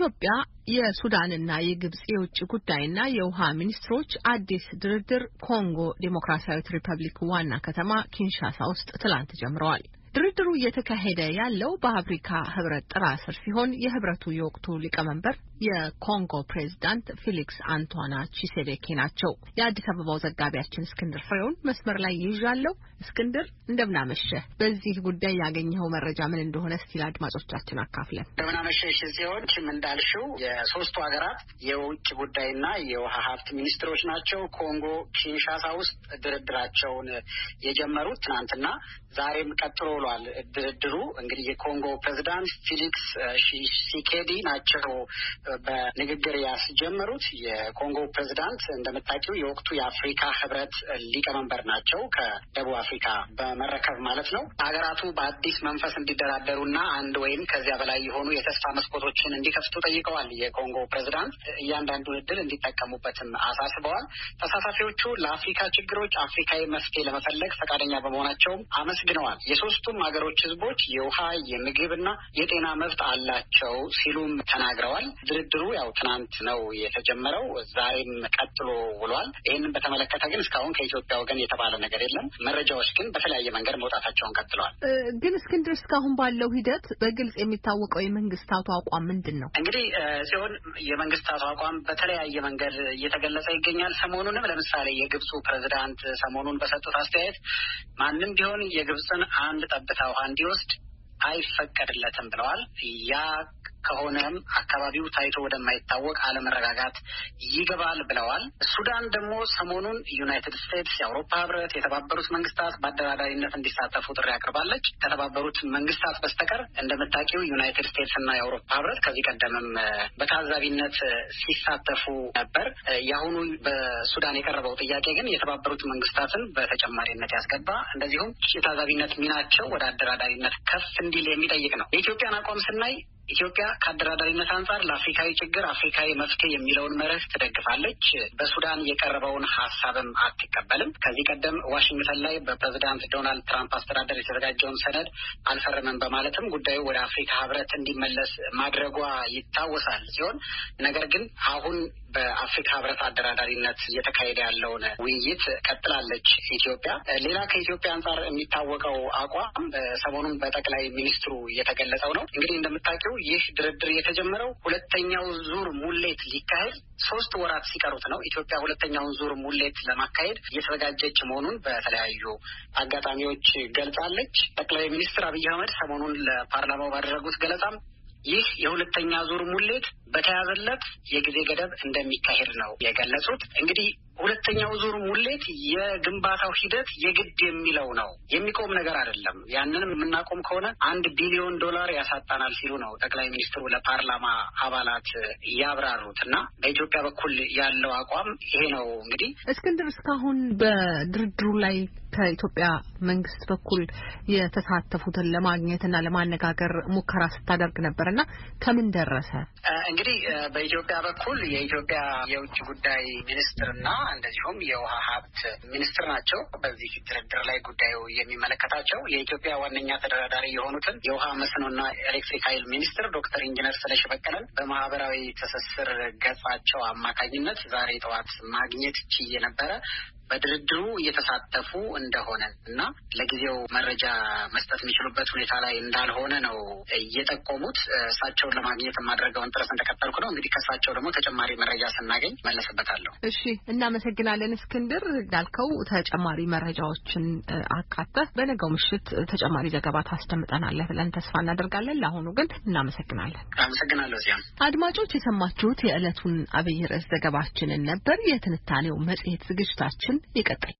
ኢትዮጵያ የሱዳንና የግብጽ የውጭ ጉዳይና የውሃ ሚኒስትሮች አዲስ ድርድር ኮንጎ ዴሞክራሲያዊት ሪፐብሊክ ዋና ከተማ ኪንሻሳ ውስጥ ትላንት ጀምረዋል። ድርድሩ እየተካሄደ ያለው በአፍሪካ ህብረት ጥራ ስር ሲሆን የህብረቱ የወቅቱ ሊቀመንበር የኮንጎ ፕሬዝዳንት ፊሊክስ አንቷና ቺሴቤኬ ናቸው። የአዲስ አበባው ዘጋቢያችን እስክንድር ፍሬውን መስመር ላይ ይዣለሁ። እስክንድር እንደምናመሸ በዚህ ጉዳይ ያገኘኸው መረጃ ምን እንደሆነ እስቲል አድማጮቻችን አካፍለን። እንደምናመሸሽ ሲሆን ችም እንዳልሽው የሶስቱ ሀገራት የውጭ ጉዳይና የውሃ ሀብት ሚኒስትሮች ናቸው ኮንጎ ኪንሻሳ ውስጥ ድርድራቸውን የጀመሩት ትናንትና ዛሬም ቀጥሎ ውሏል። ድርድሩ እንግዲህ የኮንጎ ፕሬዝዳንት ፊሊክስ ሺሴኬዲ ናቸው በንግግር ያስጀመሩት የኮንጎ ፕሬዚዳንት እንደምታውቂው የወቅቱ የአፍሪካ ህብረት ሊቀመንበር ናቸው። ከደቡብ አፍሪካ በመረከብ ማለት ነው። ሀገራቱ በአዲስ መንፈስ እንዲደራደሩ እና አንድ ወይም ከዚያ በላይ የሆኑ የተስፋ መስኮቶችን እንዲከፍቱ ጠይቀዋል። የኮንጎ ፕሬዚዳንት እያንዳንዱን እድል እንዲጠቀሙበትም አሳስበዋል። ተሳታፊዎቹ ለአፍሪካ ችግሮች አፍሪካዊ መፍትሄ ለመፈለግ ፈቃደኛ በመሆናቸውም አመስግነዋል። የሶስቱም ሀገሮች ህዝቦች የውሃ የምግብና የጤና መብት አላቸው ሲሉም ተናግረዋል። ድርድሩ ያው ትናንት ነው የተጀመረው፣ ዛሬም ቀጥሎ ውሏል። ይህንን በተመለከተ ግን እስካሁን ከኢትዮጵያ ወገን የተባለ ነገር የለም። መረጃዎች ግን በተለያየ መንገድ መውጣታቸውን ቀጥለዋል። ግን እስክንድር፣ እስካሁን ባለው ሂደት በግልጽ የሚታወቀው የመንግስታቱ አቋም ምንድን ነው? እንግዲህ ሲሆን የመንግስታቱ አቋም በተለያየ መንገድ እየተገለጸ ይገኛል። ሰሞኑንም ለምሳሌ የግብፁ ፕሬዚዳንት ሰሞኑን በሰጡት አስተያየት ማንም ቢሆን የግብፅን አንድ ጠብታ ውሃ እንዲወስድ አይፈቀድለትም ብለዋል። ያ ከሆነም አካባቢው ታይቶ ወደማይታወቅ አለመረጋጋት ይገባል ብለዋል። ሱዳን ደግሞ ሰሞኑን ዩናይትድ ስቴትስ፣ የአውሮፓ ህብረት፣ የተባበሩት መንግስታት በአደራዳሪነት እንዲሳተፉ ጥሪ አቅርባለች። ከተባበሩት መንግስታት በስተቀር እንደምታውቂው ዩናይትድ ስቴትስ እና የአውሮፓ ህብረት ከዚህ ቀደምም በታዛቢነት ሲሳተፉ ነበር። የአሁኑ በሱዳን የቀረበው ጥያቄ ግን የተባበሩት መንግስታትን በተጨማሪነት ያስገባ እንደዚሁም የታዛቢነት ሚናቸው ወደ አደራዳሪነት ከፍ እንዲል የሚጠይቅ ነው። የኢትዮጵያን አቋም ስናይ ኢትዮጵያ ከአደራዳሪነት አንጻር ለአፍሪካዊ ችግር አፍሪካዊ መፍትሄ የሚለውን መርህ ትደግፋለች። በሱዳን የቀረበውን ሀሳብም አትቀበልም። ከዚህ ቀደም ዋሽንግተን ላይ በፕሬዚዳንት ዶናልድ ትራምፕ አስተዳደር የተዘጋጀውን ሰነድ አልፈርምም በማለትም ጉዳዩ ወደ አፍሪካ ህብረት እንዲመለስ ማድረጓ ይታወሳል ሲሆን ነገር ግን አሁን በአፍሪካ ህብረት አደራዳሪነት እየተካሄደ ያለውን ውይይት ቀጥላለች ኢትዮጵያ። ሌላ ከኢትዮጵያ አንጻር የሚታወቀው አቋም ሰሞኑን በጠቅላይ ሚኒስትሩ እየተገለጸው ነው። እንግዲህ እንደምታውቂው ይህ ድርድር የተጀመረው ሁለተኛው ዙር ሙሌት ሊካሄድ ሶስት ወራት ሲቀሩት ነው። ኢትዮጵያ ሁለተኛውን ዙር ሙሌት ለማካሄድ እየተዘጋጀች መሆኑን በተለያዩ አጋጣሚዎች ገልጻለች። ጠቅላይ ሚኒስትር አብይ አህመድ ሰሞኑን ለፓርላማው ባደረጉት ገለጻም ይህ የሁለተኛ ዙር ሙሌት በተያዘለት የጊዜ ገደብ እንደሚካሄድ ነው የገለጹት። እንግዲህ ሁለተኛው ዙር ሙሌት የግንባታው ሂደት የግድ የሚለው ነው፣ የሚቆም ነገር አይደለም። ያንንም የምናቆም ከሆነ አንድ ቢሊዮን ዶላር ያሳጣናል ሲሉ ነው ጠቅላይ ሚኒስትሩ ለፓርላማ አባላት ያብራሩት። እና በኢትዮጵያ በኩል ያለው አቋም ይሄ ነው። እንግዲህ እስክንድር፣ እስካሁን በድርድሩ ላይ ከኢትዮጵያ መንግስት በኩል የተሳተፉትን ለማግኘት እና ለማነጋገር ሙከራ ስታደርግ ነበር እና ከምን ደረሰ? እንግዲህ በኢትዮጵያ በኩል የኢትዮጵያ የውጭ ጉዳይ ሚኒስትርና እንደዚሁም የውሃ ሀብት ሚኒስትር ናቸው። በዚህ ድርድር ላይ ጉዳዩ የሚመለከታቸው የኢትዮጵያ ዋነኛ ተደራዳሪ የሆኑትን የውሃ መስኖና ኤሌክትሪክ ኃይል ሚኒስትር ዶክተር ኢንጂነር ስለሺ በቀለን በማህበራዊ ትስስር ገጻቸው አማካኝነት ዛሬ ጠዋት ማግኘት ችዬ ነበረ። በድርድሩ እየተሳተፉ እንደሆነ እና ለጊዜው መረጃ መስጠት የሚችሉበት ሁኔታ ላይ እንዳልሆነ ነው እየጠቆሙት። እሳቸውን ለማግኘት የማድረገውን ጥረት እንደቀጠልኩ ነው። እንግዲህ ከእሳቸው ደግሞ ተጨማሪ መረጃ ስናገኝ መለስበታለሁ። እሺ፣ እናመሰግናለን እስክንድር። እንዳልከው ተጨማሪ መረጃዎችን አካተህ በነገው ምሽት ተጨማሪ ዘገባ ታስደምጠናለህ ብለን ተስፋ እናደርጋለን። ለአሁኑ ግን እናመሰግናለን። አመሰግናለሁ። ዚያም አድማጮች የሰማችሁት የዕለቱን አብይ ርዕስ ዘገባችንን ነበር። የትንታኔው መጽሔት ዝግጅታችን ይቀጥል